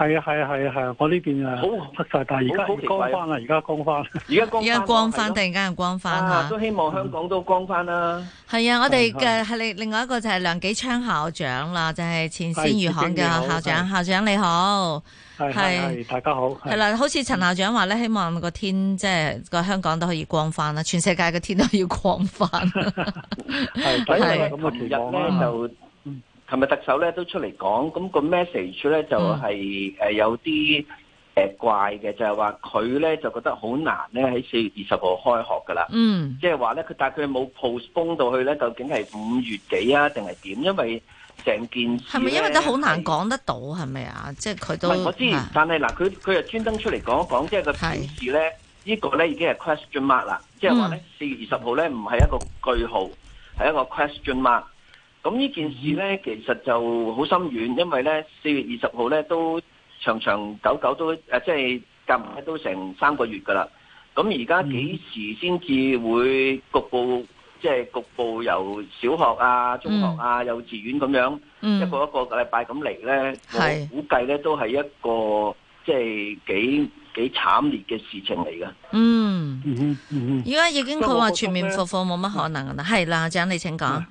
係啊係啊係啊係啊！我呢邊啊。好曬，但係而家光翻啊，而家光翻，而家光翻突然間又光翻嚇！都希望香港都光翻啦！係啊！我哋嘅係另另外一個就係梁紀昌校長啦，就係前鮮魚行嘅校長。校長你好，係大家好。係啦，好似陳校長話咧，希望個天即係個香港都可以光翻啦，全世界嘅天都要光翻。係係，琴日咧就。係咪特首咧都出嚟講？咁個 message 咧就係誒有啲誒怪嘅，嗯、就係話佢咧就覺得好難咧喺四月二十號開學㗎啦。嗯，即係話咧佢但係佢冇 postpone 到去咧，究竟係五月幾啊定係點？因為成件事係咪因為都好難講得到係咪啊？即係佢都我知，是但係嗱，佢佢又專登出嚟講一講，即係是個提示咧，呢個咧已經係 question mark 啦。即係話咧四月二十號咧唔係一個句號，係一個 question mark。咁呢件事咧，嗯、其實就好深遠，因為咧四月二十號咧都長長久久都誒，即係夾埋都成三個月噶啦。咁而家幾時先至會局部，即係、嗯、局部由小學啊、中學啊、幼稚園咁樣、嗯、一個一個禮拜咁嚟咧？係、嗯、估計咧是都係一個即係、就是、幾幾慘烈嘅事情嚟噶、嗯嗯。嗯嗯嗯我嗯，而家已經佢話全面復課冇乜可能㗎啦。係啦，阿昌你請講。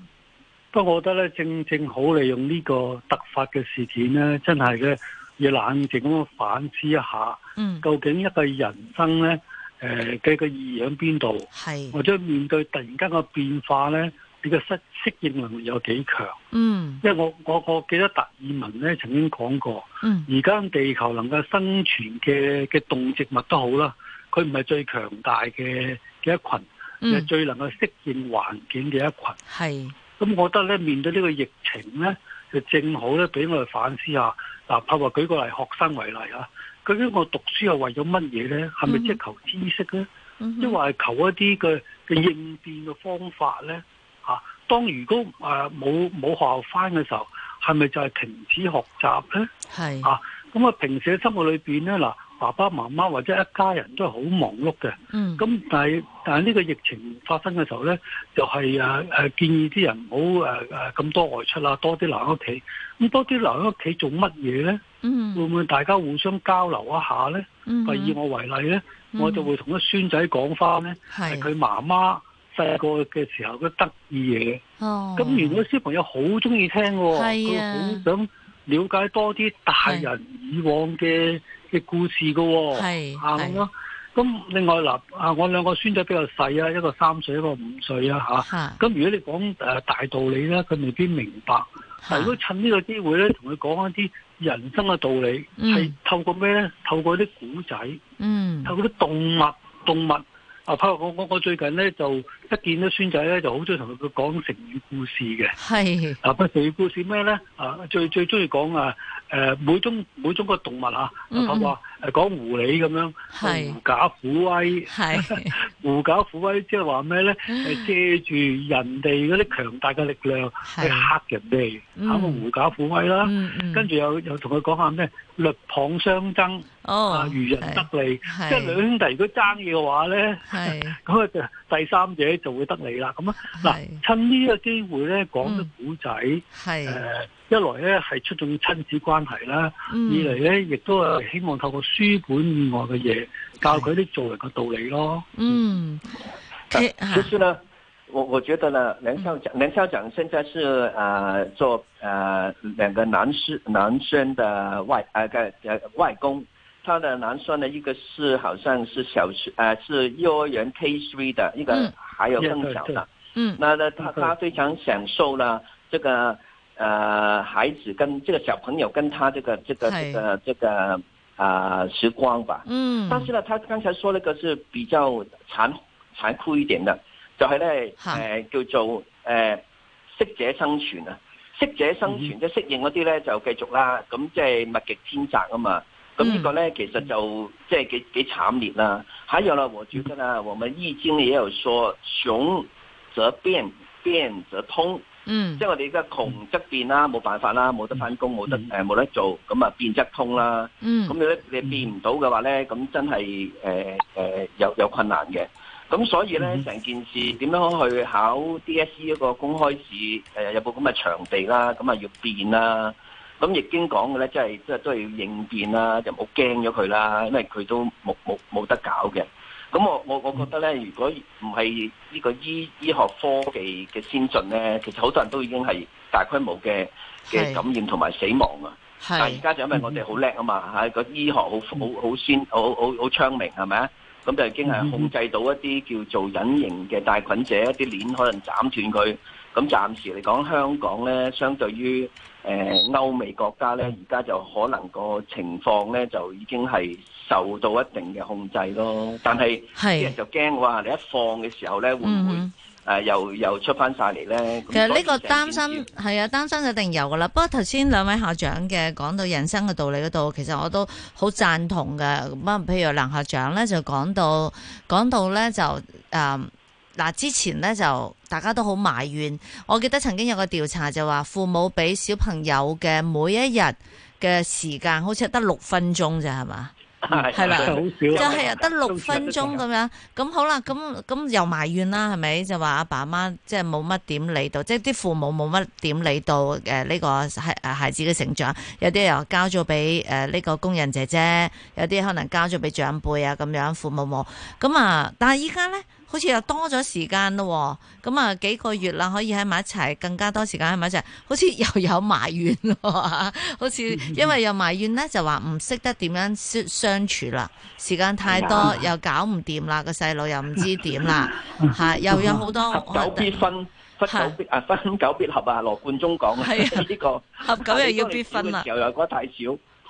不過我覺得咧，正正好利用呢個突發嘅事件咧，真係咧要冷靜咁反思一下，嗯，究竟一個人生咧，誒嘅個意義喺邊度？係或者面對突然間嘅變化咧，你個適適應能力有幾強？嗯，因為我我我記得達爾文咧曾經講過，嗯，而家地球能夠生存嘅嘅動植物都好啦，佢唔係最強大嘅嘅一群，係、嗯、最能夠適應環境嘅一群。係。咁我覺得咧，面對呢個疫情咧，就正好咧，俾我哋反思下。嗱，譬如話舉個例，學生為例啊，究竟我讀書係為咗乜嘢咧？係咪即係求知識咧？即係話求一啲嘅應變嘅方法咧？嚇、啊，當如果誒冇冇學校返嘅時候，係咪就係停止學習咧？係是啊，咁啊，平時喺生活裏邊咧，嗱。爸爸媽媽或者一家人都係好忙碌嘅，咁、嗯、但係但係呢個疫情發生嘅時候咧，就係誒誒建議啲人唔好誒誒咁多外出啦、啊，多啲留喺屋企。咁多啲留喺屋企做乜嘢咧？嗯、哼會唔會大家互相交流一下咧？嗯、哼以我為例咧，我就會同個孫仔講翻咧，係佢、嗯、哼媽媽細個嘅時候嘅得意嘢。咁、哦、如果小朋友好中意聽、哦，佢好、啊、想了解多啲大人以往嘅嘅故事嘅、哦，係啊，咁另外嗱，啊，我兩個孫仔比較細啊，一個三歲，一個五歲啦咁、啊是啊、如果你講誒大道理咧，佢未必明白。是但如果趁呢個機會咧，同佢講一啲人生嘅道理，係、嗯、透過咩咧？透過啲古仔，嗯，透過啲動物動物啊。譬如我我我最近咧，就一見到孫仔咧，就好中意同佢講成語故事嘅。係是啊，不成語故事咩咧？啊，最最中意講啊～誒每種每種嘅動物啊，包括誒講狐狸咁樣，狐假虎威，狐假虎威即係話咩咧？誒借住人哋嗰啲強大嘅力量去嚇人哋，啊個狐假虎威啦，跟住又又同佢講下咩？鷸蚌相爭，啊漁人得利，即係兩兄弟如果爭嘢嘅話咧，咁啊就第三者就會得利啦。咁啊，嗱趁呢個機會咧講得古仔，誒一來咧係出眾親子關係啦，二嚟咧亦都係希望透過，書本以外嘅嘢，教佢啲做人嘅道理咯。嗯，其實、 啊就是、呢，我我覺得呢，梁校長，梁校長現在是呃做呃兩個男士男生的外、呃呃、外公，他的男生呢一個是好像是小學呃是幼兒園 K three 嘅一個，還有更小的。嗯，那呢，他他非常享受呢，這個呃孩子跟這個小朋友跟他這個這個這個這個。是這個啊、呃，時光吧。嗯，但是呢，他剛才說那個是比較殘殘酷一點的，就係、是、呢，誒是、呃、叫做誒適者生存啊，適者生存即適應嗰啲呢，就繼續啦，咁即係物競天擇啊嘛，咁呢個呢，嗯、其實就即係、就是、幾幾慘烈啦。還有呢，我覺得呢，我們易經也有說，窮則變，變則通。嗯，即係我哋而家窮則變啦，冇辦法啦，冇得翻工，冇得誒冇得做，咁啊變則通啦。嗯，咁你咧你變唔到嘅話咧，咁真係誒誒有有困難嘅。咁所以咧成件事點樣去考 DSE 一個公開試，誒有冇咁嘅場地啦，咁啊要變啦。咁易經講嘅咧，即係都都係要應變啦，就唔好驚咗佢啦，因為佢都冇冇冇得搞嘅。咁我我我覺得咧，如果唔係呢個醫醫學科技嘅先進咧，其實好多人都已經係大規模嘅嘅是感染同埋死亡啊。是但而家就因為我哋好叻啊嘛，係的個醫學好好好先好好好昌明，係咪啊？咁就已經係控制到一啲叫做隱形嘅帶菌者，一啲鏈可能斬斷佢。咁暫時嚟講，香港咧相對於，誒、呃、歐美國家咧，而家就可能個情況咧，就已經係受到一定嘅控制咯。但係啲是人就驚話，你一放嘅時候咧，會唔會誒、嗯哼呃、又又出翻晒嚟咧？其實呢個擔心係啊、嗯，擔心就一定有噶啦。不過頭先兩位校長嘅講到人生嘅道理嗰度，其實我都好贊同嘅。咁啊，譬如梁校長咧，就講到講到咧就誒。嗯嗱，之前咧就大家都好埋怨，我記得曾經有個調查就話，父母俾小朋友嘅每一日嘅時間，好似得六分鐘咋係嘛？係係啦，好少 就係啊，得六分鐘咁樣。咁 好啦，咁咁又埋怨啦，係咪？就話阿爸媽即係冇乜點理到，即係啲父母冇乜點理到誒呢個孩誒孩子嘅成長。有啲又交咗俾誒呢個工人姐姐，有啲可能交咗俾長輩啊咁樣，父母冇。咁啊，但係依家咧。好似又多咗時間咯，咁啊幾個月啦，可以喺埋一齊，更加多時間喺埋一齊，好似又有埋怨喎。好似因為有埋怨咧，就話唔識得點樣相處啦。時間太多又搞唔掂啦，個細路又唔知點啦。 又有好多合久必分，分久啊分久必合啊。羅貫中講嘅呢個合久又要必分啦。又又覺得太少，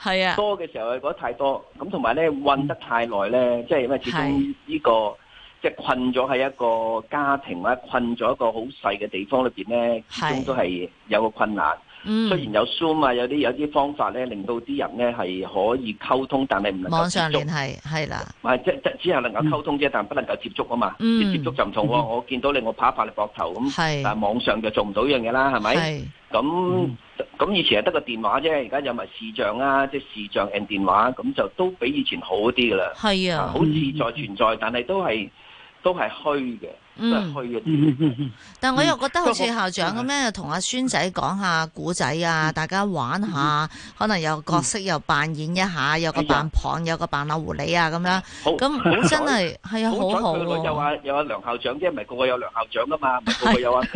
係啊的，多嘅時候又覺得太多。咁同埋咧混得太耐咧，即係因為始終呢個。即係困咗喺一個家庭或者困咗一個好細嘅地方裏面咧，始終都係有個困難。雖然有 Zoom 啊，有啲有啲方法咧，令到啲人咧係可以溝通，但係唔能夠接觸。網上聯繫係啦，唔係即係即只係能夠溝通啫，但係不能夠接觸啊嘛。啲接觸就唔同喎，我見到你，我拍一拍你膊頭咁，但係網上就做唔到依樣嘢啦，係咪？咁咁以前係得個電話啫，而家有埋視像啊，即係視像 and 電話，咁就都比以前好啲㗎啦。係啊，好自在存在，但係都係。都係虛嘅，都係虛嘅。但係我又覺得好似校長咁樣，同阿孫仔講下古仔啊，大家玩下，可能有角色又扮演一下，有個扮胖，有個扮老狐狸啊，咁樣。咁真係係啊，好好。有啊，有啊，梁校長，即係唔係個個有梁校長噶嘛？個個有啊，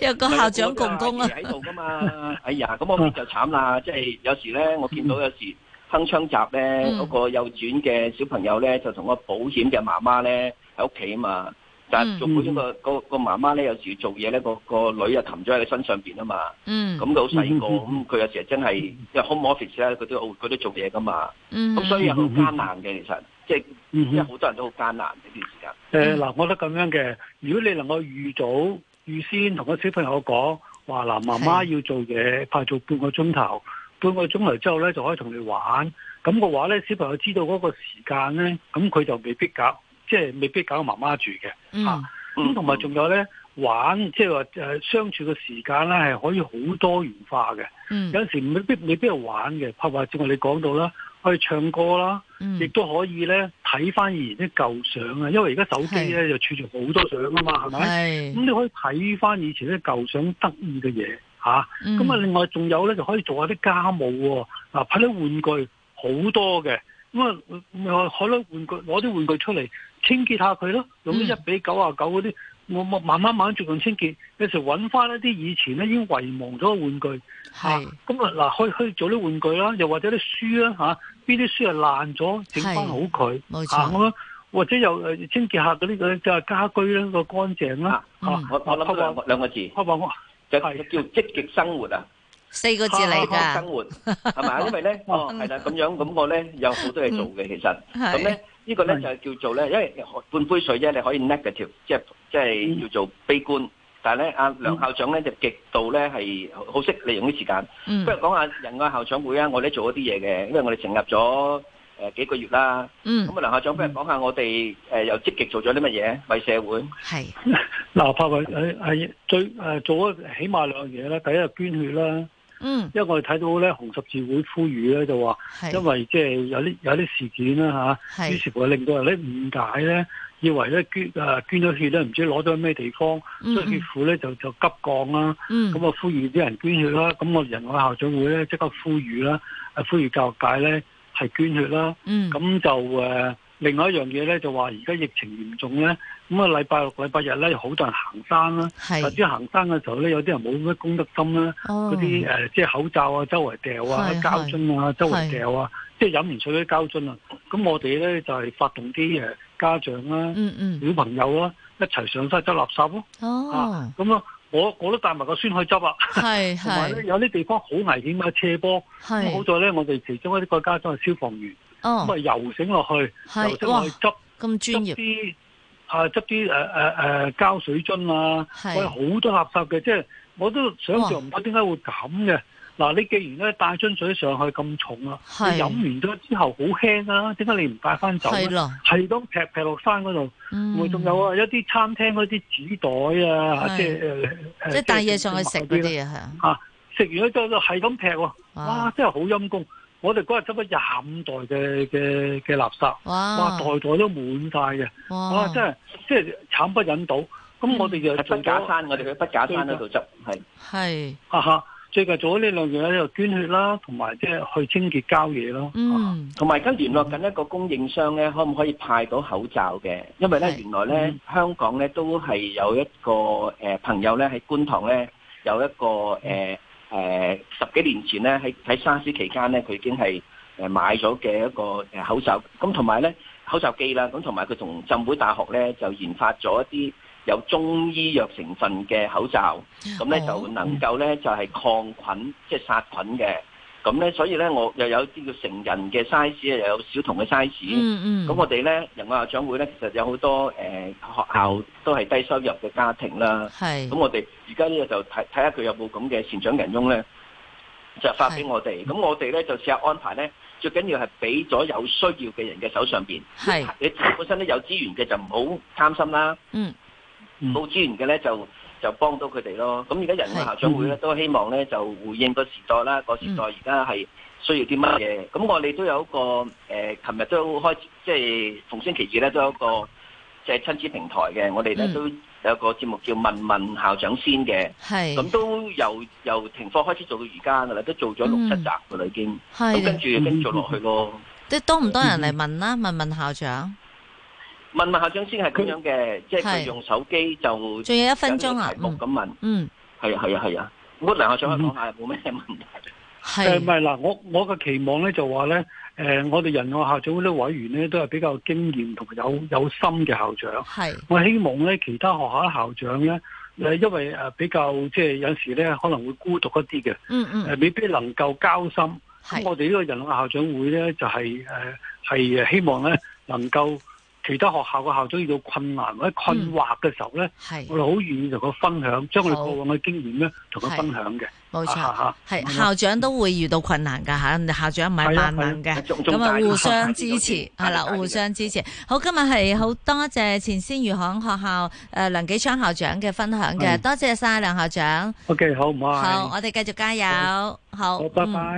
有個校長共工啊。喺度噶嘛？哎呀，咁我哋就慘啦。即係有時咧，我見到有時鏗鏘集咧，嗰個幼稚園嘅小朋友咧，就同個保險嘅媽媽咧。喺屋企啊嘛，但做普通個個個媽媽咧，有時做嘢咧，個個女又擒咗喺佢身上邊啊嘛。咁佢好細個，咁佢有時真係又 home office 咧，佢都佢都做嘢噶嘛。咁所以好艱難嘅，其實即係好多人都好艱難呢段時間。誒嗱，我覺得咁樣嘅，如果你能夠預早預先同個小朋友講話嗱，媽媽要做嘢，快做半個鐘頭，半個鐘頭之後咧就可以同你玩。咁嘅話咧，小朋友知道嗰個時間咧，咁佢就未必搞。即係未必搞到媽媽住嘅嚇，咁同埋仲有咧玩，即係話相處嘅時間咧係可以好多元化嘅。嗯、有時未必未必有玩嘅，或或者你講到啦，可以唱歌啦，亦都、嗯、可以咧睇翻以前啲舊相啊。因為而家手機咧就儲存好多相啊嘛，係咪？咁你可以睇翻以前啲舊相得意嘅嘢嚇。咁啊，嗯嗯、另外仲有咧就可以做下啲家務。嗱、啊，派啲玩具好多嘅，咁啊，可攞玩具攞啲玩具出嚟。清潔下佢咯，用一比九啊九嗰啲，我我慢慢慢慢逐共清潔，有時揾翻一啲以前咧已經遺忘咗嘅玩具，係咁啊，嗱，可以可以做啲玩具啦，又或者啲書啦吓，邊啲書係爛咗，整翻好佢，冇錯，或者又清潔下嗰啲嘅就係家居啦個乾淨啦，我我諗兩個字，就叫積極生活啊，四個字嚟嘅，生活係咪啊？因為咧哦，係啦，咁樣咁我咧有好多嘢做嘅，其實咁咧。呢個咧就係叫做咧，因為半杯水啫，你可以 negative，即係即係叫做悲觀。但係咧，阿梁校長咧就極度咧係好識利用啲時間。不如講下仁愛校長會啊，我哋做一啲嘢嘅，因為我哋成立咗誒幾個月啦。咁啊，梁校長不如講下我哋誒又積極做咗啲乜嘢為社會。係，嗱，包括係係最誒做咗起碼兩樣嘢啦，第一係捐血啦。嗯，因為我哋睇到咧紅十字會呼籲咧就話，因為即係有啲有啲事件啦、啊、吓，於是乎令到人咧誤解咧，以為咧捐、誒、呃、捐咗血咧唔知攞咗喺咩地方，所以血庫咧就就急降啦、啊。咁啊、嗯、呼籲啲人捐血啦、啊，咁我仁愛校長會咧即刻呼籲啦、啊，誒呼籲教育界咧係捐血啦、啊。咁、嗯、就誒。呃另外一樣嘢咧，就話而家疫情嚴重咧，咁啊禮拜六、禮拜日咧，好多人行山啦。係。或者行山嘅時候咧，有啲人冇乜公德心啦，嗰啲即係口罩啊，周圍掉啊，膠樽啊，周圍掉啊，即係飲完水啲膠樽啊。咁我哋咧就係發動啲家長啦、小朋友啊，一齊上山執垃圾咯。哦。咁啊，我我都帶埋個孫去執啊。係係。同埋有啲地方好危險嘅斜坡，好在咧，我哋其中一個家長係消防員。咁啊游繩落去，游繩落去執咁專業啲啊，執啲誒誒誒膠水樽啊，我哋好多垃圾嘅，即係我都想象唔到點解會咁嘅。嗱，你既然咧帶樽水上去咁重啊，你飲完咗之後好輕啊，點解你唔帶翻走咧？係咁劈劈落山嗰度，會仲有啊？一啲餐廳嗰啲紙袋啊，即係即係帶嘢上去食嗰啲啊，吓食完咗之後就係咁劈，哇！真係好陰功。我哋嗰日執咗廿五袋嘅嘅嘅垃圾，哇！袋袋都滿曬嘅，哇！真係即係慘不忍睹。咁我哋又去北假山，我哋去北假山嗰度執，係係，哈哈！最近做咗呢兩樣咧，又捐血啦，同埋即係去清潔交嘢咯。嗯，同埋而家聯絡緊一個供應商咧，可唔可以派到口罩嘅？因為咧，原來咧，香港咧都係有一個誒朋友咧喺觀塘咧有一個誒。誒、呃、十幾年前咧，喺喺沙士期間咧，佢已經係誒買咗嘅一個誒口罩，咁同埋咧口罩機啦，咁同埋佢同浸會大學咧就研發咗一啲有中醫藥成分嘅口罩，咁咧就能夠咧就係、是、抗菌，即係殺菌嘅。咁咧，所以咧，我又有啲叫成人嘅 size 咧，又有小童嘅 size 嗯。嗯嗯。咁我哋咧，人外校長會咧，其實有好多誒、呃、學校都係低收入嘅家庭啦。係是。咁我哋而家咧就睇睇下佢有冇咁嘅善長人翁咧，就發俾我哋。咁是我哋咧就試下安排咧，最緊要係俾咗有需要嘅人嘅手上邊。係是。你本身咧有資源嘅就唔好擔心啦。嗯。冇、嗯、資源嘅咧就，就幫到佢哋咯。咁而家仁愛校長會咧、嗯、都希望咧就回應個時代啦，個時代而家係需要啲乜嘢？咁、嗯、我哋都有一個誒，琴、呃、日都有開即係逢星期二咧都有一個即係、就是、親子平台嘅。我哋咧、嗯、都有個節目叫問問校長先嘅。係咁是都由由停課開始做到而家啦，都做咗六、嗯、七集噶啦已經。係咁的跟住跟住落去咯。即係、嗯、多唔多人嚟問啦？嗯、問問校長。問問校長先係咁樣嘅，嗯、即係佢用手機就仲有，有一分鐘題目咁問。嗯，係啊係啊係啊，我、啊啊啊啊、梁校長去講下，冇咩、嗯、問題。係是，唔係嗱，我我嘅期望咧就話咧，誒、呃，我哋仁愛、呃、校長會啲委員咧都係比較經驗同埋有有，有心嘅校長。係是，我希望咧其他學校校長咧，誒、呃，因為誒、呃、比較即係、呃、有時咧可能會孤獨一啲嘅、嗯。嗯嗯，誒、呃、未必能夠交心。咁是我哋呢個仁愛、呃、校長會咧就係誒係誒希望咧能夠。其他學校嘅校長遇到困難或者困惑嘅時候咧，我哋好願意同佢分享，將我哋過往嘅經驗咧同佢分享嘅。冇錯，係校長都會遇到困難㗎嚇，校長唔係萬能嘅，咁啊互相支持係啦，互相支持。好，今日係好多謝前鮮魚行學校誒梁紀昌校長嘅分享嘅，多謝晒梁校長。OK，好唔好？好，我哋繼續加油。好，拜拜。